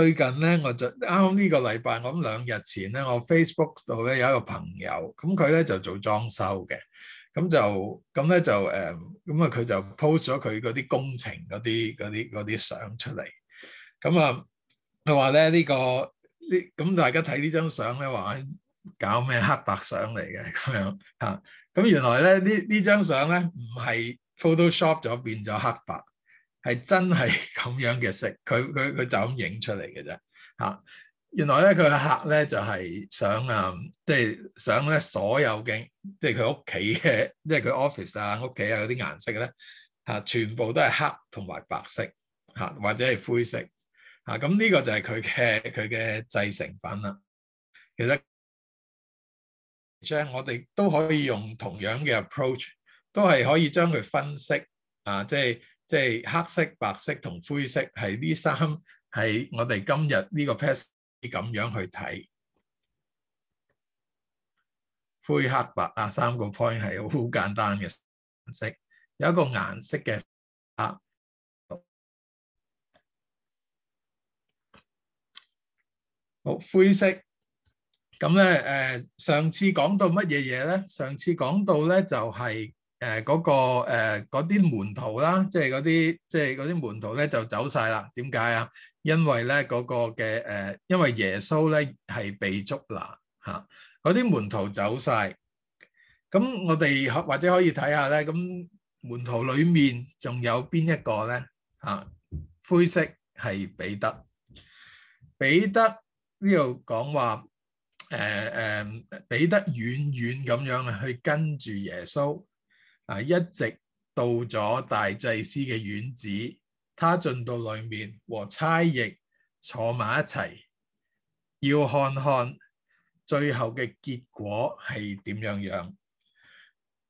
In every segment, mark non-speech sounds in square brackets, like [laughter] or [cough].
最近咧，我就啱啱呢個禮拜，我諗兩日前咧，我 Facebook 度咧有一個朋友，咁佢咧就做裝修嘅，咁就咁咧就誒，咁啊佢就 post 咗佢嗰啲工程嗰啲嗰啲嗰啲相出嚟，咁啊佢話咧呢個呢，咁大家睇呢張相咧，話搞咩黑白相嚟嘅咁樣嚇，咁原來咧呢，呢張相咧唔係 Photoshop 咗變咗黑白。係真係咁樣嘅色，佢佢佢就咁影出嚟嘅啫。嚇，原來咧佢嘅客咧就係想啊，即係想咧所有嘅即係佢屋企嘅，即係佢 office 啊、屋企啊嗰啲顏色咧嚇，全部都係黑同埋白色嚇，或者係灰色嚇。咁呢個就係佢嘅佢嘅製成品啦。其實將我哋都可以用同樣嘅 approach，都係可以將佢分析啊，即係。即、就、係、是、黑色、白色同灰色，係呢三係我哋今日呢個 pass 咁樣去睇灰、黑、白啊，三個 point 係好簡單嘅顏色，有一個顏色嘅啊，好灰色。咁咧，誒，上次講到乜嘢嘢咧？上次講到咧就係、是。誒，嗰個誒，嗰啲門徒啦，即係嗰啲，即係嗰啲門徒咧，就走晒啦。點解啊？因為咧，嗰個嘅誒，因為耶穌咧係被捉拿吓，嗰啲門徒走晒。咁我哋或者可以睇下咧，咁門徒裏面仲有邊一個咧吓？灰色係彼得。彼得呢度講話，誒誒，彼得遠遠咁樣去跟住耶穌。啊，一直到咗大祭司嘅院子，他進到裏面和差役坐埋一齊，要看看最後嘅結果係點樣樣。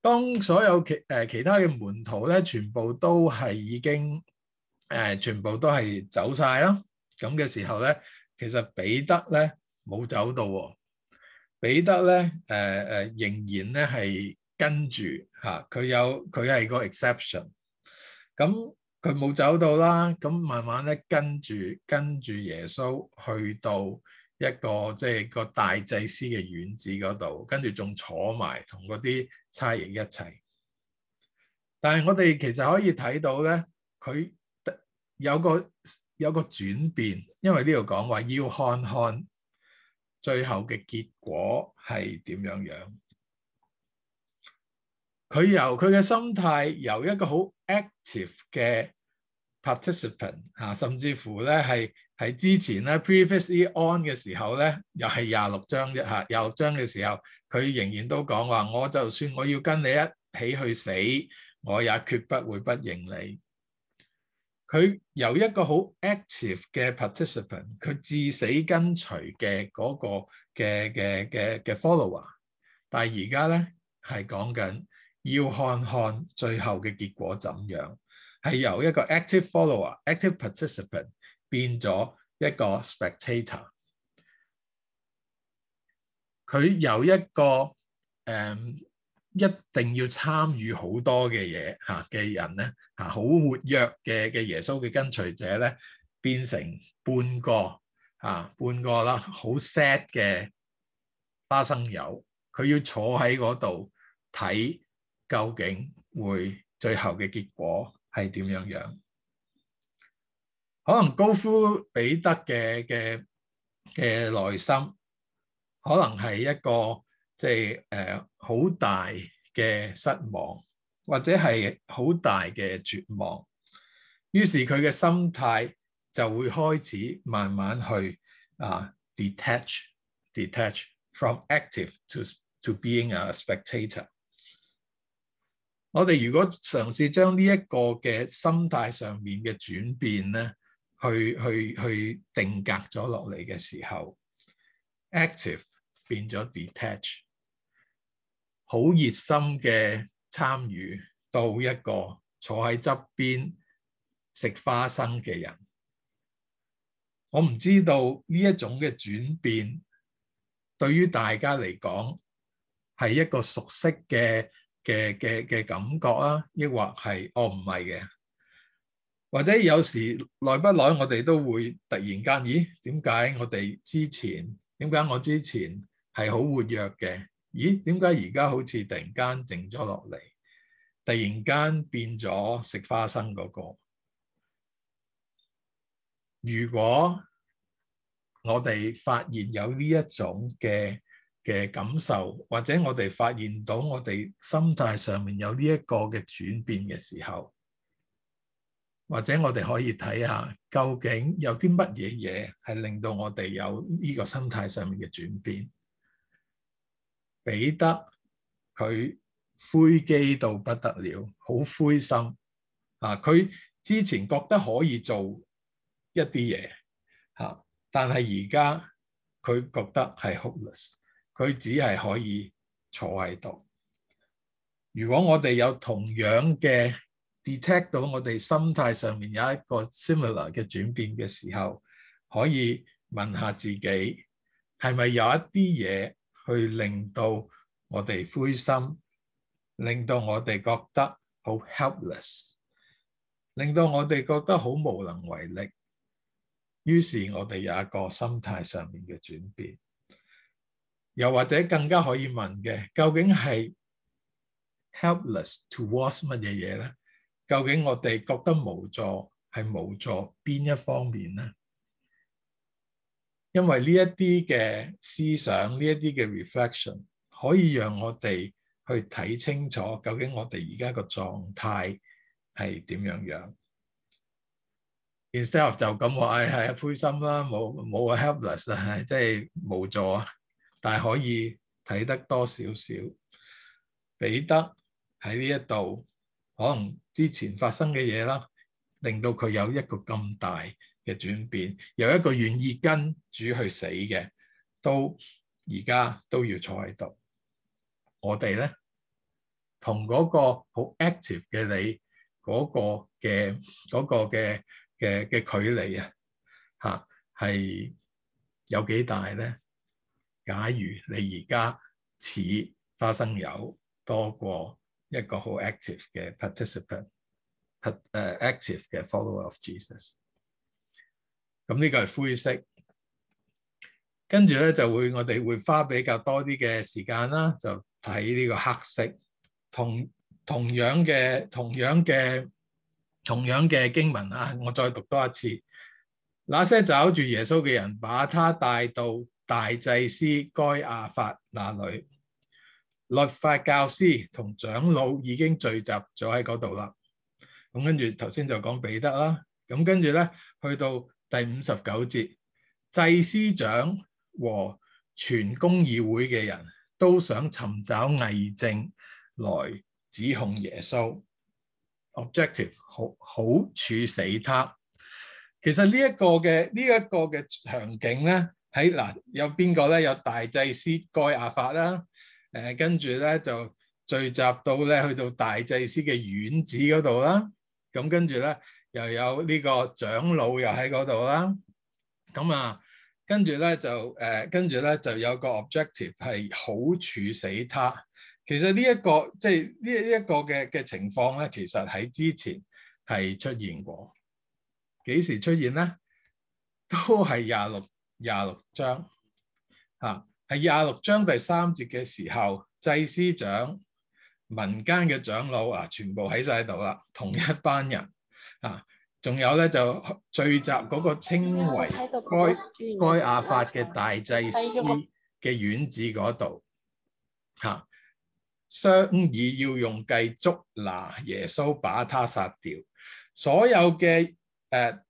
當所有其、呃、其他嘅門徒咧，全部都係已經、呃、全部都係走晒啦。咁嘅時候咧，其實彼得咧冇走到、哦，彼得咧、呃、仍然咧係跟住。嚇！佢有佢係個 exception，咁佢冇走到啦。咁慢慢咧，跟住跟住耶穌去到一個即係、就是、個大祭司嘅院子嗰度，跟住仲坐埋同嗰啲差役一齊。但係我哋其實可以睇到咧，佢有個有個轉變，因為呢度講話要看看最後嘅結果係點樣樣。佢由佢嘅心態，由一個好 active 嘅 participant 吓，甚至乎咧，係係之前咧 previously on 嘅時候咧，又係廿六章一下廿六章嘅時候，佢仍然都講話，我就算我要跟你一起去死，我也決不會不認你。佢由一個好 active 嘅 participant，佢至死跟隨嘅嗰個嘅嘅嘅嘅 follower，但係而家咧係講緊。要看看最後嘅結果怎樣，係由一個 active follower、active participant 變咗一個 spectator。佢由一個、um，一定要參與好多嘅嘢嘅人咧、啊、好活躍嘅嘅耶穌嘅跟隨者咧，變成半個、啊、半個啦，好 sad 嘅花生油。佢要坐喺嗰度睇。究竟會最後嘅結果係點樣樣？可能高夫彼得嘅嘅嘅內心，可能係一個即係誒好大嘅失望，或者係好大嘅絕望。於是佢嘅心態就會開始慢慢去啊 detach，detach Detach from active to to being a spectator。我哋如果嘗試將呢一個嘅心態上面嘅轉變咧，去去去定格咗落嚟嘅時候，active 變咗 detach，好熱心嘅參與到一個坐喺側邊食花生嘅人，我唔知道呢一種嘅轉變對於大家嚟講係一個熟悉嘅。嘅嘅嘅感覺啊，抑或係我唔係嘅，或者有時耐不耐我哋都會突然間，咦？點解我哋之前點解我之前係好活躍嘅？咦？點解而家好似突然間靜咗落嚟，突然間變咗食花生嗰個？如果我哋發現有呢一種嘅。嘅感受，或者我哋發現到我哋心態上面有呢一個嘅轉變嘅時候，或者我哋可以睇下究竟有啲乜嘢嘢係令到我哋有呢個心態上面嘅轉變。彼得佢灰機到不得了，好灰心啊！佢之前覺得可以做一啲嘢吓，但係而家佢覺得係 hopeless。佢只係可以坐喺度。如果我哋有同樣嘅 detect 到我哋心態上面有一個 similar 嘅轉變嘅時候，可以問下自己，係咪有一啲嘢去令到我哋灰心，令到我哋覺得好 helpless，令到我哋覺得好無能為力。於是，我哋有一個心態上面嘅轉變。又或者更加可以問嘅，究竟係 helpless towards 乜嘢嘢咧？究竟我哋覺得無助係無助邊一方面咧？因為呢一啲嘅思想，呢一啲嘅 reflection 可以讓我哋去睇清楚，究竟我哋而家個狀態係點樣樣。Instead of 就咁話係係灰心啦，冇冇 helpless 啦，係即係無助啊！但係可以睇得多少少，彼得喺呢一度，可能之前發生嘅嘢啦，令到佢有一個咁大嘅轉變，有一個願意跟主去死嘅，都而家都要坐喺度。我哋咧，同嗰個好 active 嘅你嗰、嗰個嘅嗰嘅嘅嘅距離啊，嚇係有幾大咧？假如你而家似花生油多過一個好 active 嘅 participant，誒 active 嘅 follower of Jesus，咁呢個係灰色。跟住咧就會我哋會花比較多啲嘅時間啦，就睇呢個黑色。同同樣嘅、同樣嘅、同樣嘅經文啊，我再讀多一次。那些找住耶穌嘅人，把他帶到。大祭司該亞法那裏，律法教師同長老已經聚集咗喺嗰度啦。咁跟住頭先就講彼得啦。咁跟住咧，去到第五十九節，祭司長和全公議會嘅人都想尋找偽證來指控耶穌，objective 好好處死他。其實呢一個嘅呢一個嘅場景咧。喺嗱，有邊個咧？有大祭司蓋亞法啦，誒，跟住咧就聚集到咧，去到大祭司嘅院子嗰度啦。咁跟住咧又有呢個長老又喺嗰度啦。咁啊，跟住咧就誒，跟住咧就有個 objective 係好處死他。其實呢、這、一個即係呢呢一個嘅嘅情況咧，其實喺之前係出現過。幾時出現咧？都係廿六。廿六章，啊，喺廿六章第三節嘅時候，祭司長、民間嘅長老啊，全部喺晒度啦，同一班人啊，仲有咧就聚集嗰個稱為該該亞法嘅大祭司嘅院子嗰度，吓 [music] 商議要用計捉拿耶穌，把他殺掉。所有嘅誒、即、呃、係、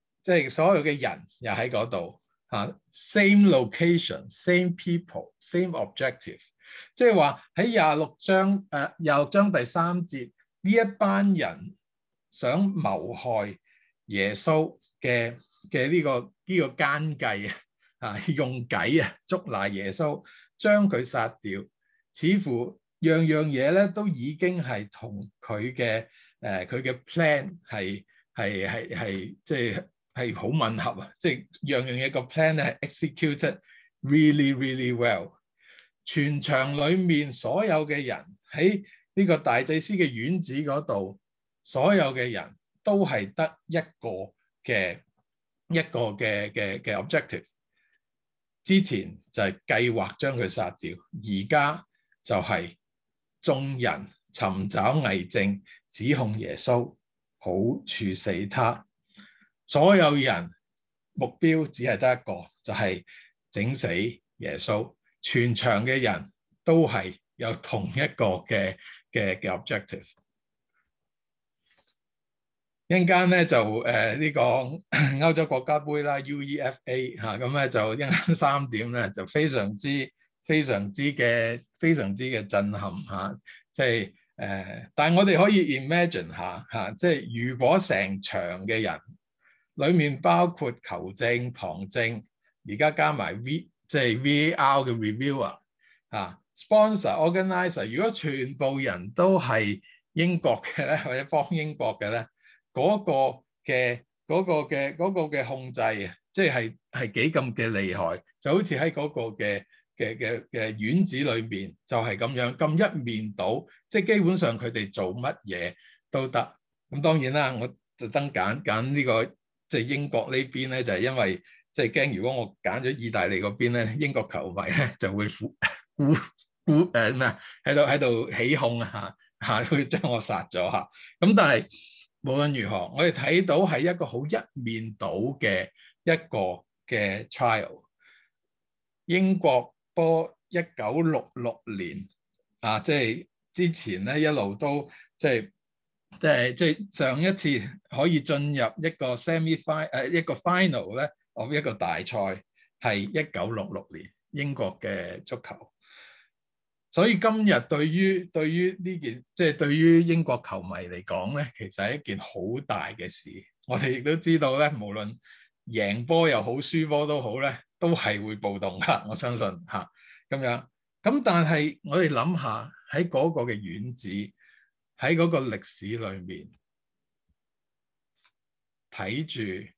就是、所有嘅人又喺嗰度。啊，same location，same people，same objective，即係話喺廿六章，誒廿六章第三節呢一班人想謀害耶穌嘅嘅呢個呢個奸計啊，啊用計啊捉拿耶穌，將佢殺掉，似乎樣樣嘢咧都已經係同佢嘅誒佢嘅 plan 係係係係即係。係好吻合啊！即係樣樣嘢個 plan 咧，係 executed really really well。全場裡面所有嘅人喺呢個大祭司嘅院子嗰度，所有嘅人都係得一個嘅一個嘅嘅嘅 objective。之前就係計劃將佢殺掉，而家就係眾人尋找偽證，指控耶穌，好處死他。所有人目標只係得一個，就係、是、整死耶穌。全場嘅人都係有同一個嘅嘅嘅 objective。一陣間咧就誒呢、呃這個歐洲國家杯啦，UEFA 嚇、啊、咁咧就一陣三點咧就非常之非常之嘅非常之嘅震撼嚇，即係誒。但係我哋可以 imagine 下，嚇、啊，即、就、係、是、如果成場嘅人。裡面包括求證、旁證，而家加埋 V，即係 VAR 嘅 reviewer 啊，sponsor、organiser。如果全部人都係英國嘅咧，或者幫英國嘅咧，嗰個嘅嗰個嘅嗰個嘅控制，即係係幾咁嘅厲害。就好似喺嗰個嘅嘅嘅嘅院子裏面，就係咁樣，咁一面倒，即係基本上佢哋做乜嘢都得。咁當然啦，我特登揀揀呢個。即係英國呢邊咧，就係因為即係驚，如果我揀咗意大利嗰邊咧，英國球迷咧就會呼呼呼誒咩啊？喺度喺度起哄，啊！嚇嚇會將我殺咗嚇。咁但係無論如何，我哋睇到係一個好一面倒嘅一個嘅 trial。英國波一九六六年啊，即係之前咧一路都即係。即係即係上一次可以進入一個 semi final 誒一個 final 咧，我一個大賽係一九六六年英國嘅足球，所以今日對於對於呢件即係對於英國球迷嚟講咧，其實係一件好大嘅事。我哋亦都知道咧，無論贏波又好輸波都好咧，都係會暴動噶。我相信吓咁樣。咁但係我哋諗下喺嗰個嘅院子。喺嗰個歷史裏面睇住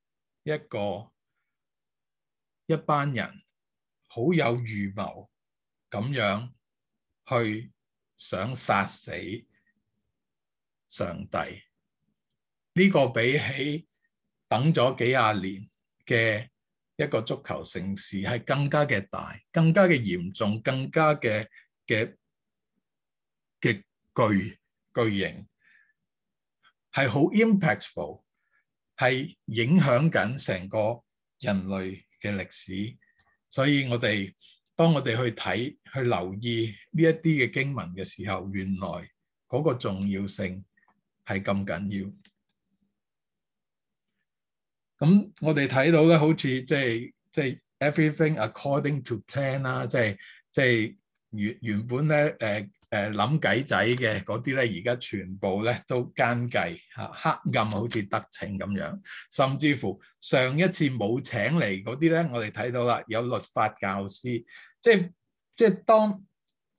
一個一班人好有預謀咁樣去想殺死上帝，呢、呢個比起等咗幾廿年嘅一個足球城市係更加嘅大，更加嘅嚴重，更加嘅嘅巨。巨型係好 impactful，係影響緊成個人類嘅歷史，所以我哋當我哋去睇去留意呢一啲嘅經文嘅時候，原來嗰個重要性係咁緊要。咁我哋睇到咧，好似即係即係 everything according to plan 啦，即係即係原原本咧誒。誒諗計仔嘅嗰啲咧，而家全部咧都奸計嚇，黑暗好似得逞咁樣。甚至乎上一次冇請嚟嗰啲咧，我哋睇到啦，有律法教師，即係即係當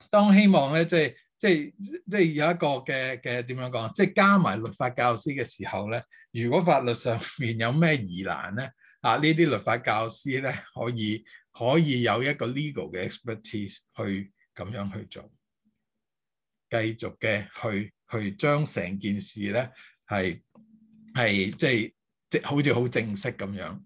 當希望咧，即係即係即係有一個嘅嘅點樣講，即係加埋律法教師嘅時候咧，如果法律上面有咩疑難咧，啊呢啲律法教師咧可以可以有一個 legal 嘅 expertise 去咁樣去做。繼續嘅去去將成件事咧，係係即係即好似好正式咁樣。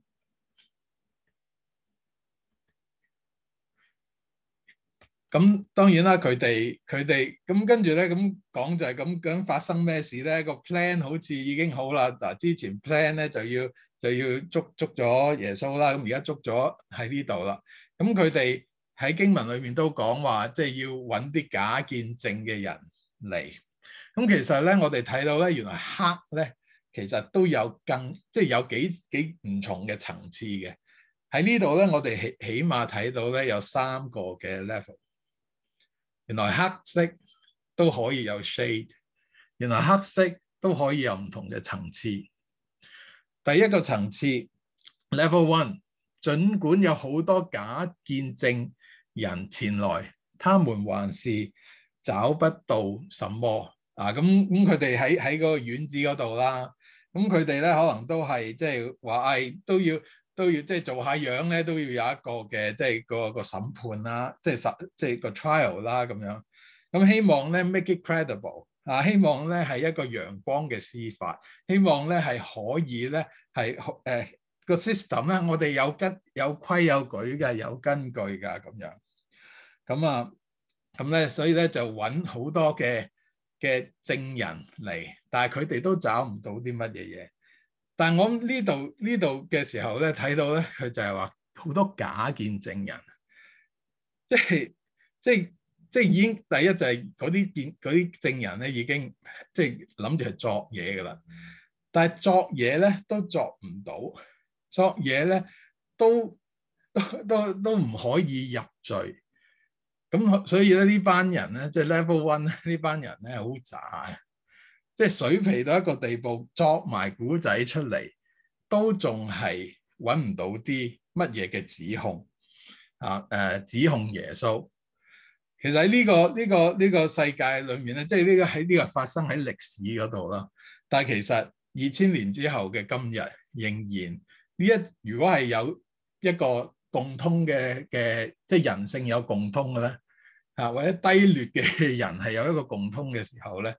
咁當然啦，佢哋佢哋咁跟住咧咁講就係咁咁發生咩事咧？個 plan 好似已經好啦嗱，之前 plan 咧就要就要捉捉咗耶穌啦，咁而家捉咗喺呢度啦，咁佢哋。喺經文裏面都講話，即係要揾啲假見證嘅人嚟。咁其實咧，我哋睇到咧，原來黑咧其實都有更即係有幾幾唔同嘅層次嘅。喺呢度咧，我哋起起碼睇到咧有三個嘅 level。原來黑色都可以有 shade，原來黑色都可以有唔同嘅層次。第一個層次 level one，儘管有好多假見證。人前來，他們還是找不到什麼啊！咁咁，佢哋喺喺個院子嗰度啦。咁佢哋咧可能都係即係話，誒都要都要即係做下樣咧，都要有一個嘅即係個個審判啦，即係審即係個 trial 啦咁樣。咁希望咧 make it credible 啊！希望咧係一個陽光嘅司法，希望咧係可以咧係誒個 system 咧，我哋有根有規有矩嘅，有根據㗎咁樣。咁啊，咁咧，所以咧就揾好多嘅嘅證人嚟，但係佢哋都找唔到啲乜嘢嘢。但係我呢度呢度嘅時候咧，睇到咧佢就係話好多假見證人，即係即係即係已經第一就係嗰啲見啲證人咧已經即係諗住係作嘢㗎啦。但係作嘢咧都作唔到，作嘢咧都都都唔可以入罪。咁所以咧呢班人咧，即係 level one 呢班人咧，好渣嘅，即係水皮到一個地步，作埋古仔出嚟，都仲係揾唔到啲乜嘢嘅指控啊！誒、呃，指控耶穌。其實喺呢個呢個呢個世界裏面咧，即係呢個喺呢個發生喺歷史嗰度啦。但係其實二千年之後嘅今日，仍然呢一如果係有一個。共通嘅嘅即係人性有共通嘅咧，啊或者低劣嘅人係有一個共通嘅時候咧，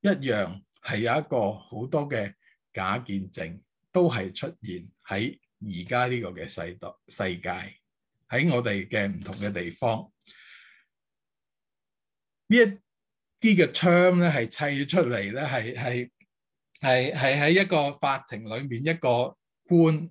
一樣係有一個好多嘅假見證都係出現喺而家呢個嘅世道世界喺我哋嘅唔同嘅地方，呢一啲嘅窗咧係砌出嚟咧係係係係喺一個法庭裡面一個官。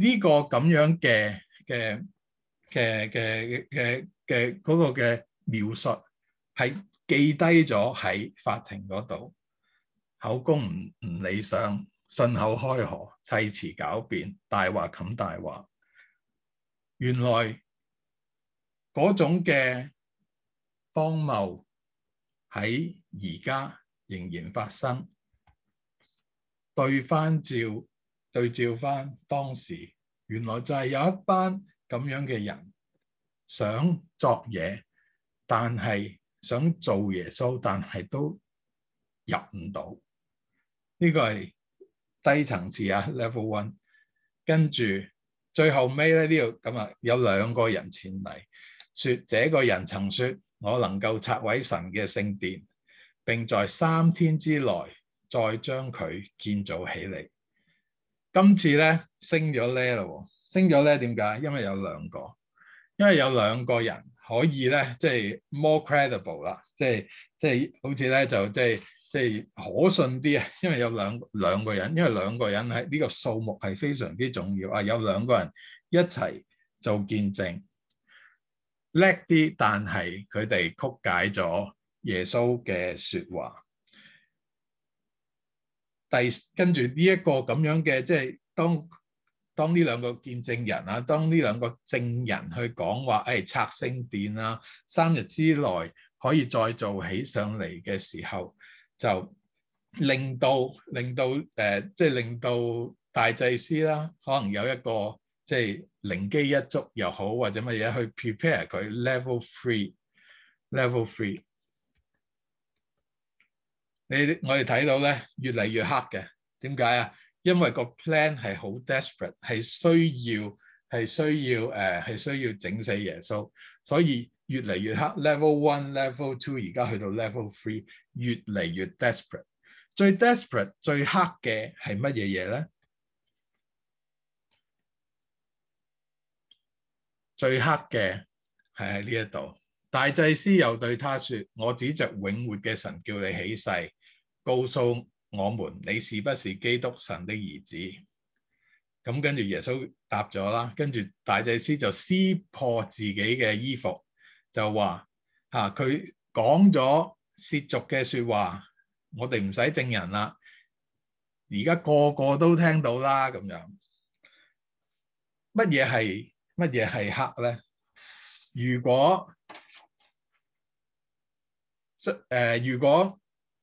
呢、這個咁樣嘅嘅嘅嘅嘅嘅嘅嗰個嘅描述係記低咗喺法庭嗰度，口供唔唔理想，信口開河，砌詞狡辯，大話冚大話。原來嗰種嘅荒謬喺而家仍然發生，對翻照。對照翻當時，原來就係有一班咁樣嘅人想作嘢，但係想做耶穌，但係都入唔到。呢、這個係低層次啊，Level One。跟住最後尾咧呢度咁啊，有兩個人前嚟，說：這個人曾說，我能夠拆毀神嘅聖殿，並在三天之內再將佢建造起嚟。今次咧升咗呢咯，升咗呢點解？因為有兩個，因為有兩個人可以咧，即係 more credible 啦，即係即係好似咧就即係即係可信啲啊！因為有兩兩個人，因為兩個人喺呢個數目係非常之重要啊！有兩個人一齊做見證，叻啲，但係佢哋曲解咗耶穌嘅說話。第跟住呢一個咁樣嘅，即係當當呢兩個見證人啊，當呢兩個證人去講話，誒、哎、拆聖殿啊，三日之內可以再做起上嚟嘅時候，就令到令到誒，即係令到大祭司啦，可能有一個即係靈機一觸又好，或者乜嘢去 prepare 佢 level three，level three。你我哋睇到咧，越嚟越黑嘅。點解啊？因為個 plan 係好 desperate，係需要係需要誒係、uh, 需要整死耶穌，所以越嚟越黑。Level one、Level two 而家去到 Level three，越嚟越 desperate。最 desperate 最、最黑嘅係乜嘢嘢咧？最黑嘅係喺呢一度。大祭司又對他說：我指着永活嘅神叫你起誓。告訴我們你是不是基督神的兒子？咁跟住耶穌答咗啦，跟住大祭司就撕破自己嘅衣服，就話：吓，佢講咗褻瀆嘅說話，我哋唔使證人啦。而家個個都聽到啦，咁樣乜嘢係乜嘢係黑咧？如果即誒，如果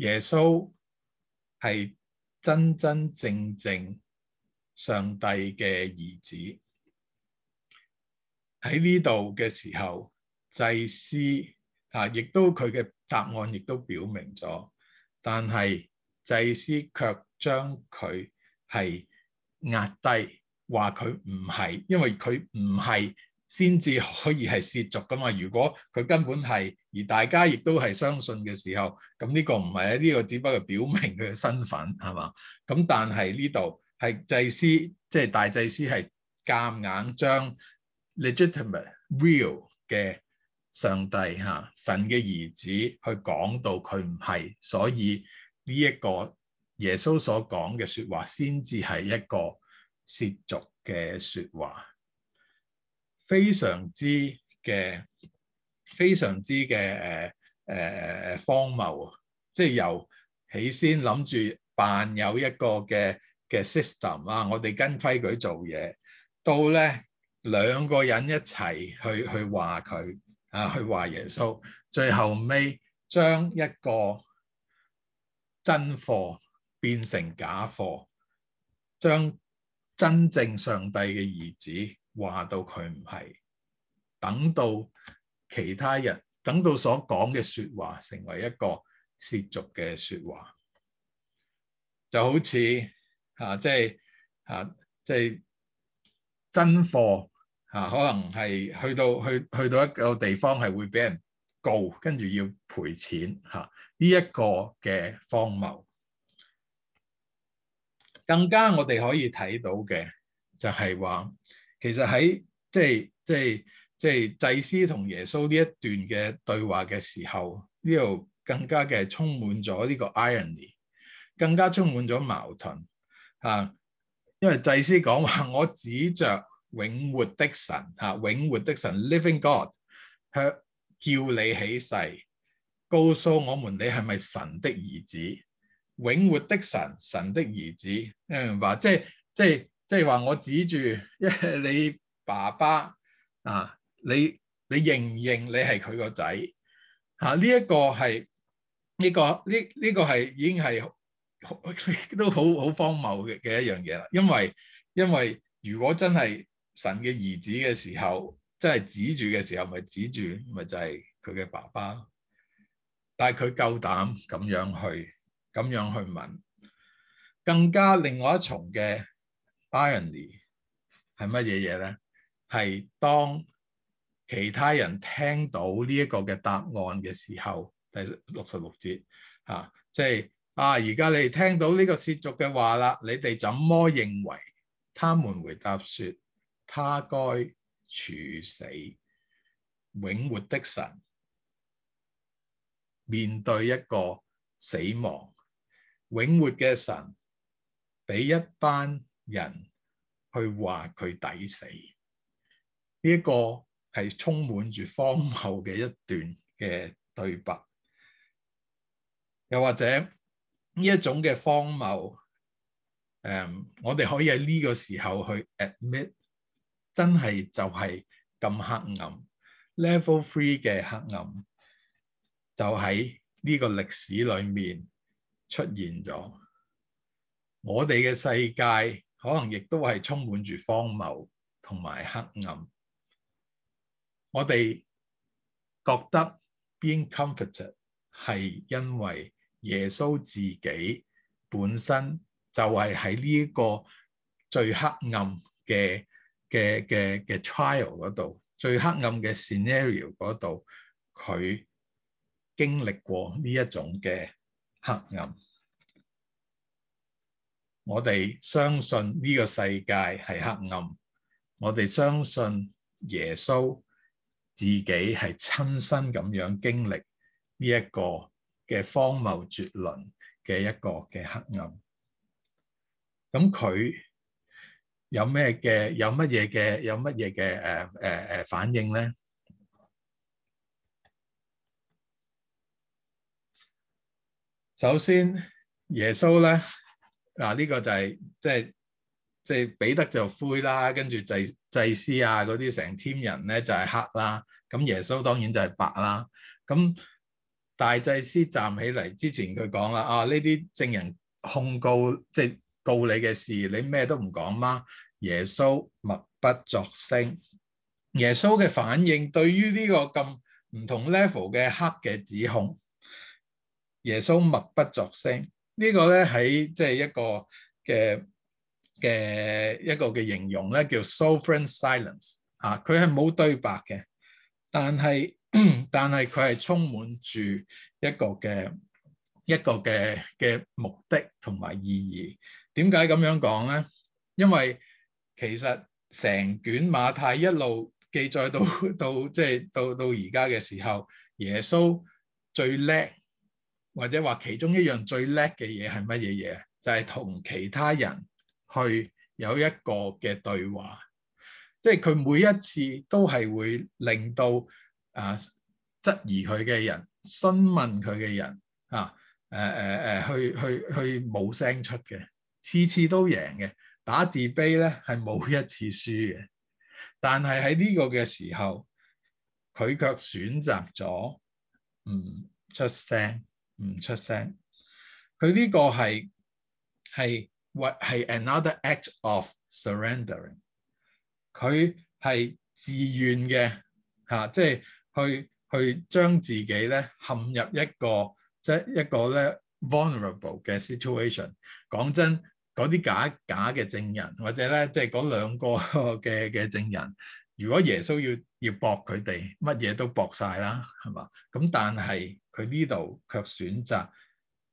耶穌係真真正正上帝嘅兒子，喺呢度嘅時候，祭司啊，亦都佢嘅答案亦都表明咗，但係祭司卻將佢係壓低，話佢唔係，因為佢唔係。先至可以係涉俗噶嘛？如果佢根本係，而大家亦都係相信嘅時候，咁呢個唔係啊！呢個只不過表明佢嘅身份係嘛？咁但係呢度係祭司，即係大祭司，係夾硬將 legitimate real 嘅上帝嚇神嘅兒子去講到佢唔係，所以呢一個耶穌所講嘅説話先至係一個涉俗嘅説話。非常之嘅，非常之嘅誒誒誒荒謬，即係由起先諗住扮有一個嘅嘅 system 啊，我哋跟規矩做嘢，到咧兩個人一齊去去話佢啊，去話耶穌，最後尾將一個真貨變成假貨，將真正上帝嘅兒子。話到佢唔係，等到其他人等到所講嘅說話成為一個褻瀆嘅說話，就好似啊，即係啊，即係，即係真貨啊，可能係去到去去到一個地方係會俾人告，跟住要賠錢吓。呢一個嘅荒謬，更加我哋可以睇到嘅就係話。其實喺即係即係即係祭司同耶穌呢一段嘅對話嘅時候，呢度更加嘅充滿咗呢個 irony，更加充滿咗矛盾啊！因為祭司講話：我指着永活的神啊，永活的神 （living God） 向叫你起誓，告訴我們你係咪神的兒子？永活的神，神的兒子，聽唔明白？即係即係。即係話我指住，因你爸爸啊，你你認唔認你係佢個仔？吓？呢一個係呢個呢呢個係已經係都好好荒謬嘅嘅一樣嘢啦。因為因為如果真係神嘅兒子嘅時候，真係指住嘅時候，咪指住咪就係佢嘅爸爸。但係佢夠膽咁樣去咁樣去問，更加另外一重嘅。Irony 係乜嘢嘢咧？係當其他人聽到呢一個嘅答案嘅時候，第六十六節啊，即係啊，而家你哋聽到呢個褻瀆嘅話啦，你哋怎麼認為？他們回答說，他該處死永活的神。面對一個死亡，永活嘅神俾一班。人去話佢抵死，呢一個係充滿住荒謬嘅一段嘅對白，又或者呢一種嘅荒謬，誒，我哋可以喺呢個時候去 admit，真係就係咁黑暗，level three 嘅黑暗，就喺呢個歷史裏面出現咗，我哋嘅世界。可能亦都係充滿住荒謬同埋黑暗。我哋覺得 Being comforted 係因為耶穌自己本身就係喺呢一個最黑暗嘅嘅嘅嘅 trial 嗰度，最黑暗嘅 scenario 嗰度，佢經歷過呢一種嘅黑暗。我哋相信呢個世界係黑暗，我哋相信耶穌自己係親身咁樣經歷呢一個嘅荒謬絕倫嘅一個嘅黑暗。咁，佢有咩嘅？有乜嘢嘅？有乜嘢嘅誒誒誒反應咧？首先，耶穌咧。嗱，呢個就係即係即係彼得就灰啦，跟住祭祭司啊嗰啲成千人咧就係黑啦，咁耶穌當然就係白啦。咁大祭司站起嚟之前，佢講啦：啊，呢啲證人控告，即係告你嘅事，你咩都唔講嗎？耶穌默不作聲。耶穌嘅反應對於呢個咁唔同 level 嘅黑嘅指控，耶穌默不作聲。這個、呢個咧喺即係一個嘅嘅一個嘅形容咧，叫 solemn silence 啊，佢係冇對白嘅，但係但係佢係充滿住一個嘅一個嘅嘅目的同埋意義。點解咁樣講咧？因為其實成卷馬太一路記載到到即係、就是、到到而家嘅時候，耶穌最叻。或者話其中一樣最叻嘅嘢係乜嘢嘢？就係、是、同其他人去有一個嘅對話，即係佢每一次都係會令到啊質疑佢嘅人、詢問佢嘅人啊誒誒誒去去去冇聲出嘅，次次都贏嘅。打 debate 咧係冇一次輸嘅，但係喺呢個嘅時候，佢卻選擇咗唔、嗯、出聲。唔出聲，佢呢個係係或係 another act of surrendering。佢係自願嘅嚇，即、啊、係、就是、去去將自己咧陷入一個即係、就是、一個咧 vulnerable 嘅 situation。講真，嗰啲假假嘅證人或者咧即係嗰兩個嘅嘅證人，如果耶穌要要搏佢哋，乜嘢都搏晒啦，係嘛？咁但係。佢呢度卻選擇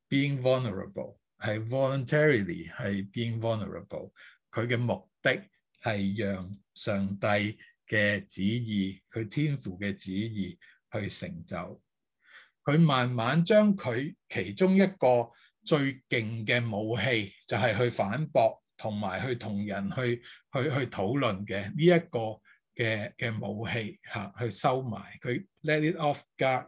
being vulnerable，係 voluntarily 係 being vulnerable。佢嘅目的係讓上帝嘅旨意，佢天父嘅旨意去成就。佢慢慢將佢其中一個最勁嘅武，武器，就係去反駁同埋去同人去去去討論嘅呢一個嘅嘅武器嚇，去收埋佢 let it off guard,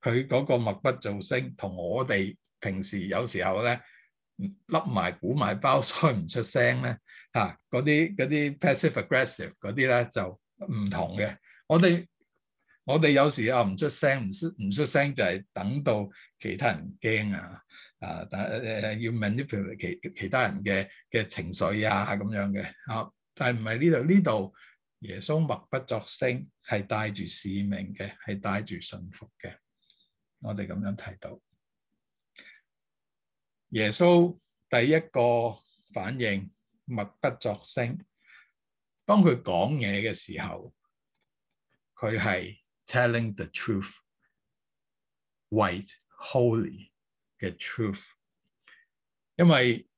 佢嗰個默不作聲，同我哋平時有時候咧，笠埋鼓、埋包衰唔出聲咧，嚇嗰啲嗰啲 passive aggressive 嗰啲咧就唔同嘅。我哋我哋有時啊唔出聲，唔出唔出聲就係等到其他人驚啊人啊，啊！但誒要 manipulate 其其他人嘅嘅情緒啊咁樣嘅啊，但唔係呢度呢度，耶穌默不作聲，係帶住使命嘅，係帶住信服嘅。我哋咁樣提到，耶穌第一個反應默不作聲。當佢講嘢嘅時候，佢係 telling the truth，white Holy 嘅 truth。因為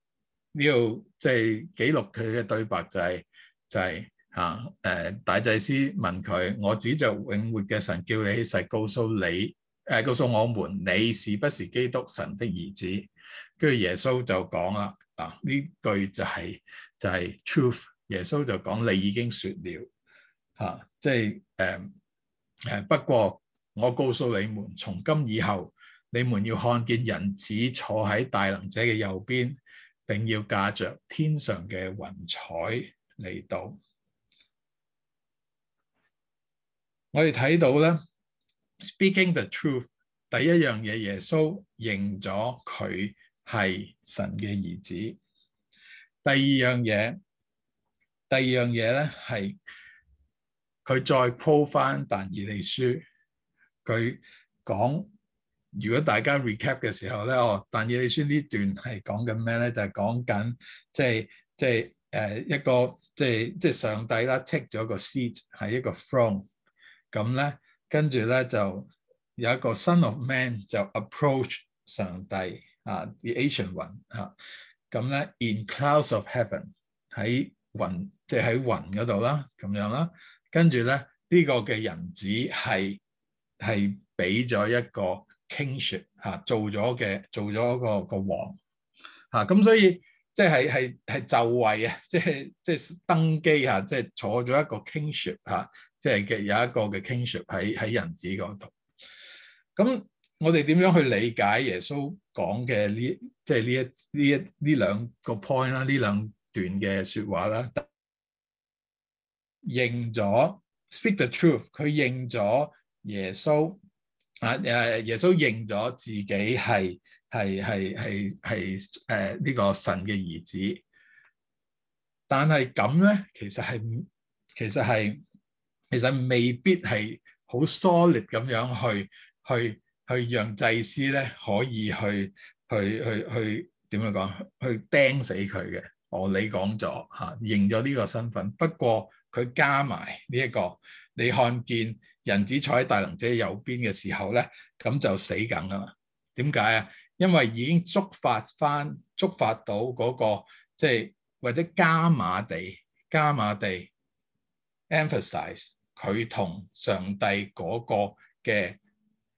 呢度即係記錄佢嘅對白就係、是、就係吓誒大祭司問佢：我指著永活嘅神叫你起誓，告訴你。誒告訴我們，你是不是基督神的兒子？跟住耶穌就講啦，啊呢句就係、是、就係、是、truth。耶穌就講，你已經説了，嚇、啊，即係誒誒。不過我告訴你們，從今以後，你們要看見人子坐喺大能者嘅右邊，並要駕着天上嘅雲彩嚟到。我哋睇到咧。Speaking the truth，第一樣嘢耶穌認咗佢係神嘅兒子。第二樣嘢，第二樣嘢咧係佢再鋪翻但以理書。佢講，如果大家 recap 嘅時候咧，哦，但以理書段呢段係講緊咩咧？就係、是、講緊即係即係誒一個即係即係上帝啦 take 咗個 seat 係一個 throne 咁咧。跟住咧就有一個 son of man，就 approach 上帝啊，the ancient one 嚇，咁咧 in clouds of heaven，喺雲即係喺雲嗰度啦咁樣啦，跟住咧呢個嘅人子係係俾咗一個 kingship 嚇做咗嘅做咗個個王嚇，咁所以即係係係就位啊，即係即係登基啊即係坐咗一個 kingship 嚇。即係嘅有一個嘅傾述喺喺人子嗰度，咁我哋點樣去理解耶穌講嘅呢？即係呢一呢一呢兩個 point 啦，呢兩段嘅說話啦，認咗 speak the truth，佢認咗耶穌啊誒，耶穌認咗自己係係係係係誒呢個神嘅兒子，但係咁咧，其實係其實係。其實未必係好 solid 咁樣去去去讓祭司咧可以去去去去點樣講？去釘死佢嘅。我你講咗嚇，認咗呢個身份。不過佢加埋呢一個，你看見人子坐喺大能者右邊嘅時候咧，咁就死緊㗎喇。點解啊？因為已經觸發翻、觸發到嗰個，即係或者加碼地、加碼地 emphasize。佢同上帝嗰個嘅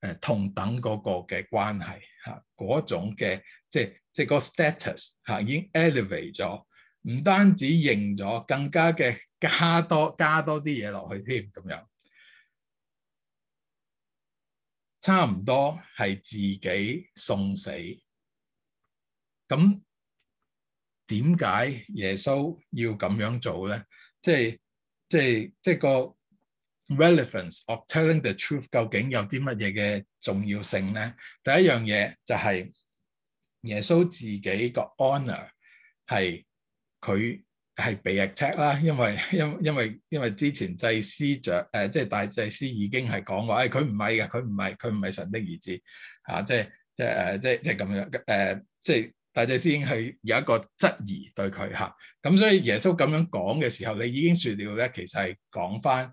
誒同等嗰個嘅關係嚇，嗰種嘅即係即係個 status 嚇已經 elevate 咗，唔單止認咗，更加嘅加多加多啲嘢落去添咁樣，差唔多係自己送死。咁點解耶穌要咁樣做咧？即係即係即係個。In、relevance of telling the truth 究竟有啲乜嘢嘅重要性咧？第一樣嘢就係耶穌自己個 honor 係佢係被 accept 啦，因為因因為因為之前祭司長誒、呃、即係大祭司已經係講話誒佢唔係嘅，佢唔係佢唔係神的兒子，嚇、啊，即係即係誒即係即係咁樣誒，即係、呃呃呃、大祭司已經係有一個質疑對佢嚇，咁、啊、所以耶穌咁樣講嘅時候，你已經説了咧，其實係講翻。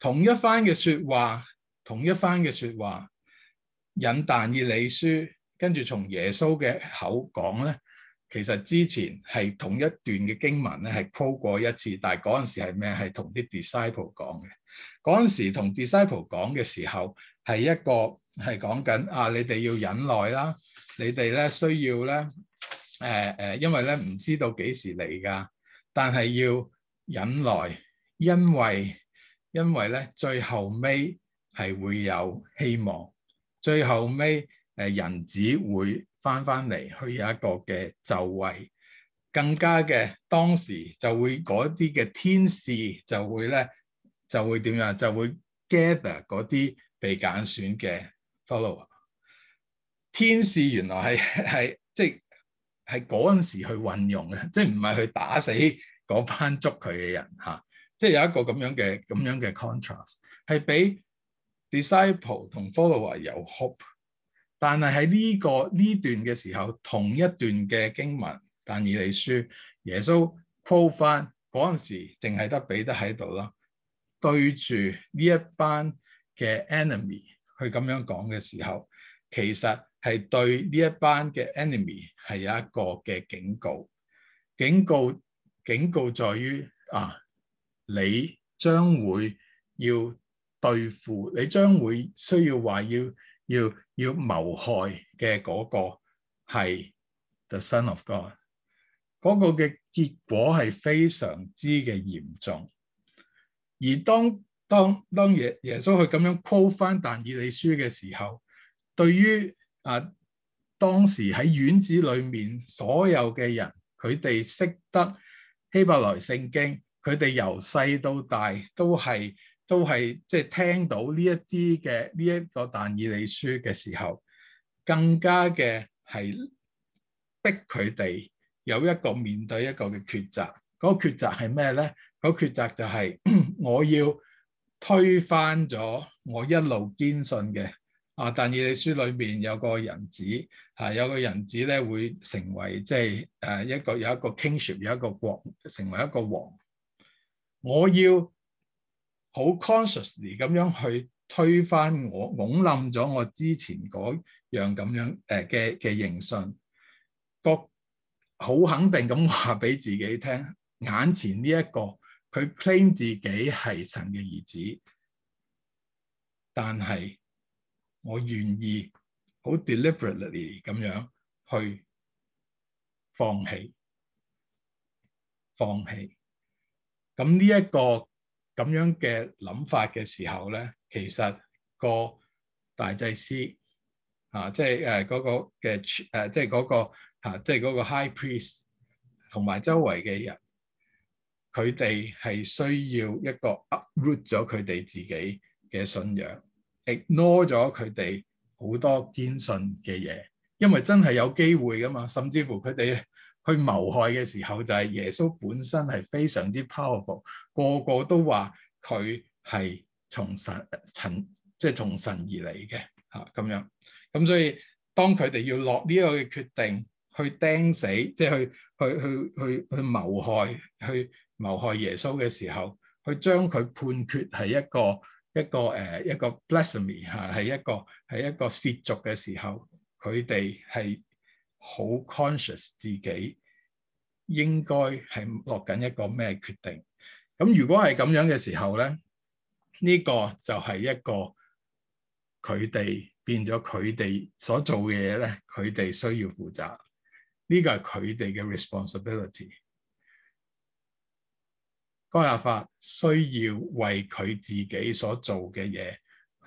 同一番嘅説話，同一番嘅説話，引但以理書，跟住從耶穌嘅口講咧，其實之前係同一段嘅經文咧，係鋪過一次，但係嗰陣時係咩？係同啲 disciple 講嘅。嗰陣時同 disciple 講嘅時候係一個係講緊啊，你哋要忍耐啦，你哋咧需要咧誒誒，因為咧唔知道幾時嚟㗎，但係要忍耐，因為，因為咧最後尾係會有希望，最後尾誒人子會翻翻嚟去有一個嘅就位，更加嘅當時就會嗰啲嘅天使就會咧就會點樣就會 gather 嗰啲被揀選嘅 follower。天使原來係係即係嗰陣時去運用嘅，即係唔係去打死嗰班捉佢嘅人吓。即係有一個咁樣嘅咁樣嘅 contrast，係俾 disciple 同 follower 有 hope，但係喺呢個呢段嘅時候，同一段嘅經文，但以理書耶穌 call 翻嗰陣時，淨係得彼得喺度咯。對住呢一班嘅 enemy，佢咁樣講嘅時候，其實係對呢一班嘅 enemy 係有一個嘅警告。警告警告在於啊。你將會要對付，你將會需要話要要要謀害嘅嗰個係 the Son of God，嗰個嘅結果係非常之嘅嚴重。而當當當耶耶穌佢咁樣 call 返但以理書嘅時候，對於啊當時喺院子裏面所有嘅人，佢哋識得希伯來聖經。佢哋由細到大都係都係即係聽到呢一啲嘅呢一個但以理書嘅時候，更加嘅係逼佢哋有一個面對一個嘅抉擇。嗰、那個抉擇係咩咧？嗰、那個抉擇就係、是、我要推翻咗我一路堅信嘅啊！但以理書裏面有個人子，嚇有個人子咧會成為即係誒一個有一個 kingship 有一個王成為一個王。我要好 consciously 咁樣去推翻我懵冧咗我之前嗰樣咁樣誒嘅嘅認信，好肯定咁話俾自己聽，眼前呢、這、一個佢 claim 自己係神嘅兒子，但係我願意好 deliberately 咁樣去放棄，放棄。咁呢一個咁樣嘅諗法嘅時候咧，其實個大祭司啊，即係誒嗰個嘅誒，即係嗰個，即係嗰個 High Priest 同埋周圍嘅人，佢哋係需要一個 uproot 咗佢哋自己嘅信仰，ignore 咗佢哋好多堅信嘅嘢，因為真係有機會㗎嘛，甚至乎佢哋。去謀害嘅時候，就係、是、耶穌本身係非常之 powerful，個個都話佢係從神，即係從神而嚟嘅吓咁樣。咁所以當佢哋要落呢一個決定去釘死，即係去去去去去謀害，去謀害耶穌嘅時候，去將佢判決係一個一個誒一個 blasphemy 吓，係一個係一個褻瀆嘅時候，佢哋係。好 conscious 自己應該係落緊一個咩決定咁？如果係咁樣嘅時候咧，呢個就係一個佢哋變咗佢哋所做嘅嘢咧，佢哋需要負責，呢個係佢哋嘅 responsibility。江亞法需要為佢自己所做嘅嘢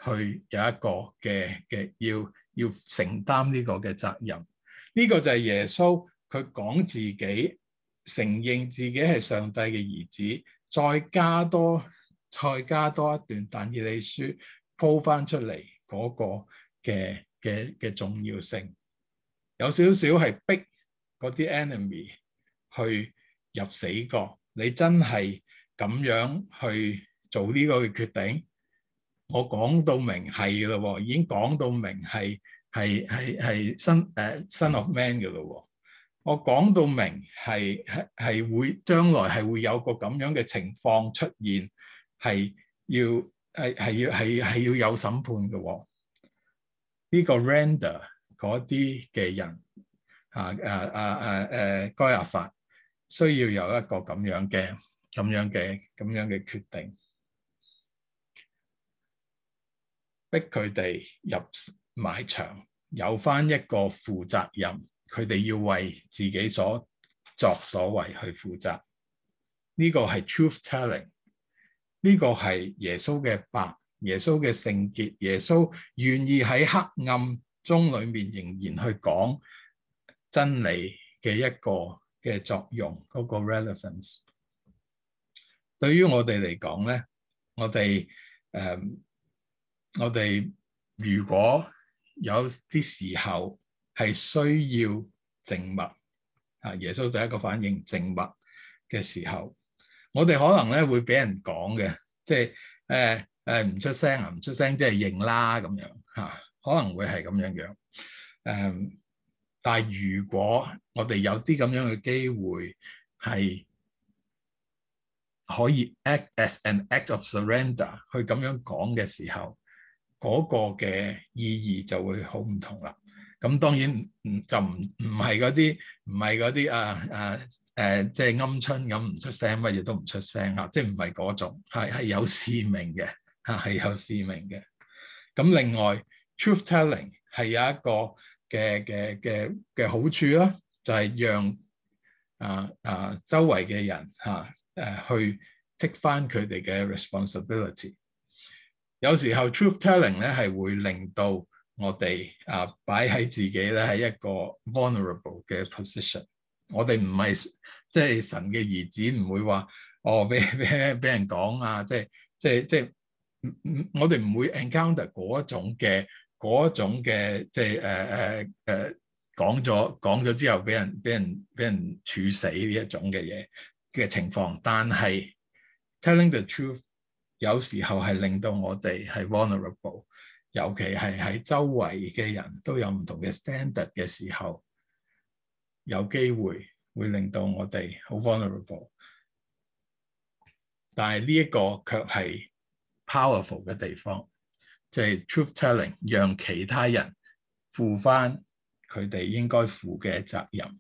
去有一個嘅嘅要要承擔呢個嘅責任。呢個就係耶穌佢講自己，承認自己係上帝嘅兒子，再加多再加多一段但以理書鋪翻出嚟嗰個嘅嘅嘅重要性，有少少係逼嗰啲 enemy 去入死角。你真係咁樣去做呢個嘅決定，我講到明係咯，已經講到明係。係係係 son 誒 son of man 嘅咯，我講到明係係係會將來係會有個咁樣嘅情況出現，係要係係要係係要有審判嘅喎，呢個 render 嗰啲嘅人啊啊啊啊誒，該立法需要有一個咁樣嘅咁樣嘅咁樣嘅決定，逼佢哋入。買場有翻一個負責任，佢哋要為自己所作所為去負責。呢個係 truth telling，呢個係耶穌嘅白，耶穌嘅聖潔，耶穌願意喺黑暗中裏面仍然去講真理嘅一個嘅作用，嗰個 relevance。對於我哋嚟講咧，我哋誒，um, 我哋如果有啲時候係需要靜默啊！耶穌第一個反應靜默嘅時候，我哋可能咧會俾人講嘅，即係誒誒唔出聲啊，唔出聲即係認啦咁樣吓，可能會係咁樣樣誒、嗯。但係如果我哋有啲咁樣嘅機會，係可以 act as an act of surrender 去咁樣講嘅時候。嗰個嘅意義就會好唔同啦。咁當然就唔唔係嗰啲唔係嗰啲啊啊誒，即係暗春咁唔出聲，乜嘢都唔出聲啊，即係唔係嗰種係有使命嘅嚇，係有使命嘅。咁另外，truth telling 係有一個嘅嘅嘅嘅好處啦，就係讓啊啊周圍嘅人嚇誒去 take 翻佢哋嘅 responsibility。有時候 truth telling，咧係會令到我哋啊擺喺自己咧係一個 vulnerable 嘅 position。我哋唔係即係神嘅兒子，唔會話哦俾俾俾人講啊！即係即係即係，我哋唔會 encounter 嗰種嘅嗰種嘅即係誒誒誒講咗講咗之後俾人俾人俾人處死呢一種嘅嘢嘅情況。但係 telling the truth。有時候係令到我哋係 vulnerable，尤其係喺周圍嘅人都有唔同嘅 standard 嘅時候，有機會會令到我哋好 vulnerable。但係呢一個卻係 powerful 嘅地方，即係 truth telling，讓其他人負翻佢哋應該負嘅責任。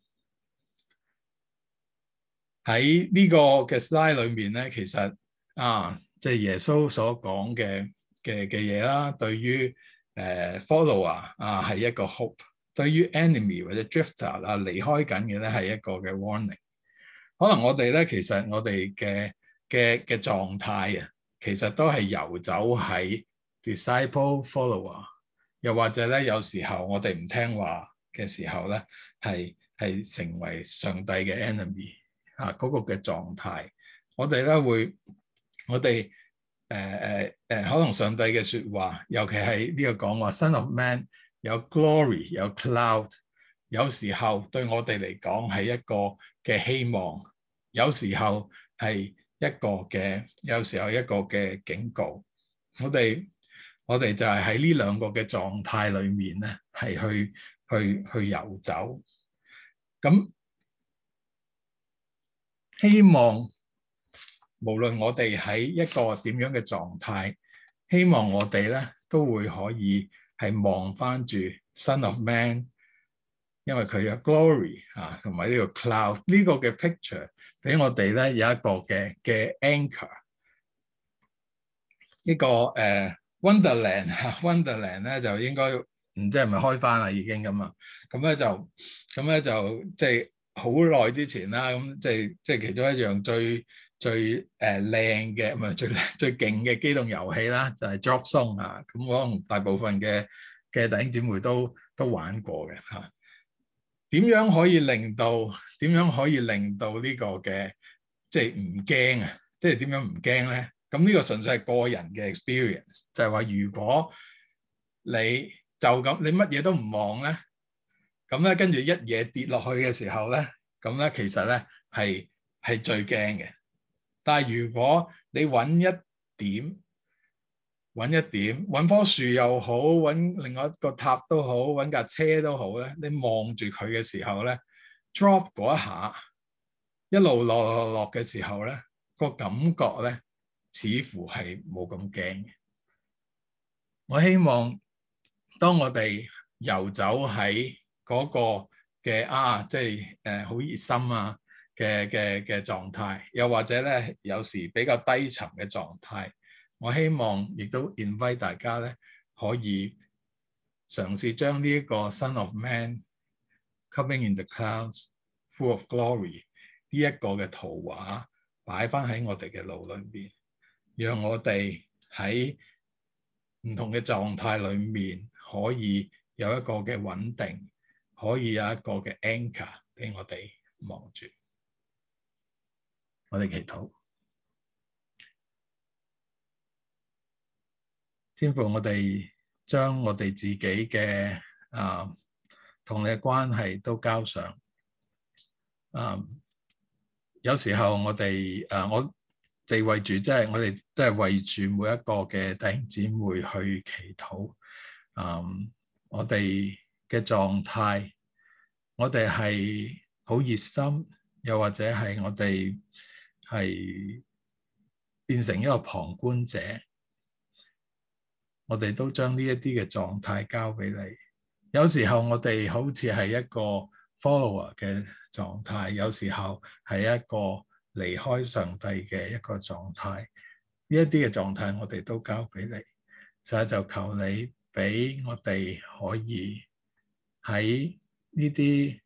喺呢個嘅 slide 裏面咧，其實啊～即、就、係、是、耶穌所講嘅嘅嘅嘢啦，對於、呃、follower 啊係一個 hope；對於 enemy 或者 drifter 啦、啊、離開緊嘅咧係一個嘅 warning。可能我哋咧其實我哋嘅嘅嘅狀態啊，其實都係遊走喺 disciple follower，又或者咧有時候我哋唔聽話嘅時候咧，係係成為上帝嘅 enemy 啊嗰、那個嘅狀態，我哋咧會。我哋誒誒誒可能上帝嘅説話，尤其係呢個講話，Son of Man 有 glory 有 cloud，有時候對我哋嚟講係一個嘅希望，有時候係一個嘅，有時候一個嘅警告。我哋我哋就係喺呢兩個嘅狀態裏面咧，係去去去遊走。咁希望。無論我哋喺一個點樣嘅狀態，希望我哋咧都會可以係望翻住 Son of Man，因為佢有 glory 啊，同埋呢個 cloud 個 picture, 呢個嘅 picture 俾我哋咧有一個嘅嘅 anchor。這個 uh, 啊 Wonderland、呢個誒 Wonderland，Wonderland 咧就應該唔知係咪開翻啦已經咁啊。咁咧就咁咧就即係好耐之前啦。咁即係即係其中一樣最。最誒靚嘅，唔係最最勁嘅機動遊戲啦，就係 Drop Zone 啊！咁可能大部分嘅嘅弟兄姊妹都都玩過嘅嚇。點樣可以令到？點樣可以令到呢個嘅即係唔驚啊？即係點樣唔驚咧？咁呢個純粹係個人嘅 experience，就係話如果你就咁，你乜嘢都唔望咧，咁咧跟住一嘢跌落去嘅時候咧，咁咧其實咧係係最驚嘅。但係如果你揾一點，揾一點，揾棵樹又好，揾另外一個塔都好，揾架車都好咧，你望住佢嘅時候咧，drop 嗰一下，一路落落落嘅時候咧，個感覺咧，似乎係冇咁驚嘅。我希望當我哋遊走喺嗰個嘅啊，即係誒好熱心啊～嘅嘅嘅狀態，又或者咧，有時比較低沉嘅狀態。我希望亦都 invite 大家咧，可以嘗試將呢一個 Son of Man coming in the clouds, full of glory 呢一個嘅圖畫擺翻喺我哋嘅腦裏邊，讓我哋喺唔同嘅狀態裏面可以有一個嘅穩定，可以有一個嘅 anchor 俾我哋望住。我哋祈禱，天父，我哋將我哋自己嘅啊同你嘅關係都交上啊。有時候我哋啊，我哋為住，即係我哋即係為住每一個嘅弟兄姊妹去祈禱啊。我哋嘅狀態，我哋係好熱心，又或者係我哋。係變成一個旁觀者，我哋都將呢一啲嘅狀態交俾你。有時候我哋好似係一個 follower 嘅狀態，有時候係一個離開上帝嘅一個狀態。呢一啲嘅狀態我哋都交俾你。所以就求你俾我哋可以喺呢啲，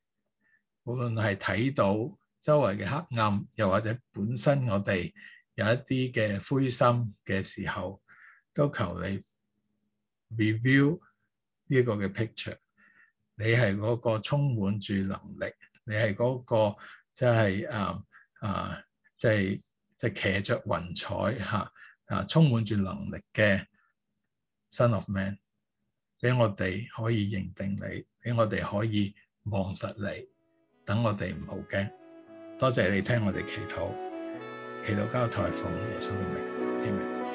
無論係睇到周圍嘅黑暗，又或者本身我哋有一啲嘅灰心嘅時候，都求你 review 呢個嘅 picture。你係嗰個充滿住能力，你係嗰個即係啊啊，即係即係騎著雲彩吓啊，充滿住能力嘅 son of man，俾我哋可以認定你，俾我哋可以望實你，等我哋唔好驚。多謝你聽我哋祈禱，祈禱交託奉耶穌名，聽明。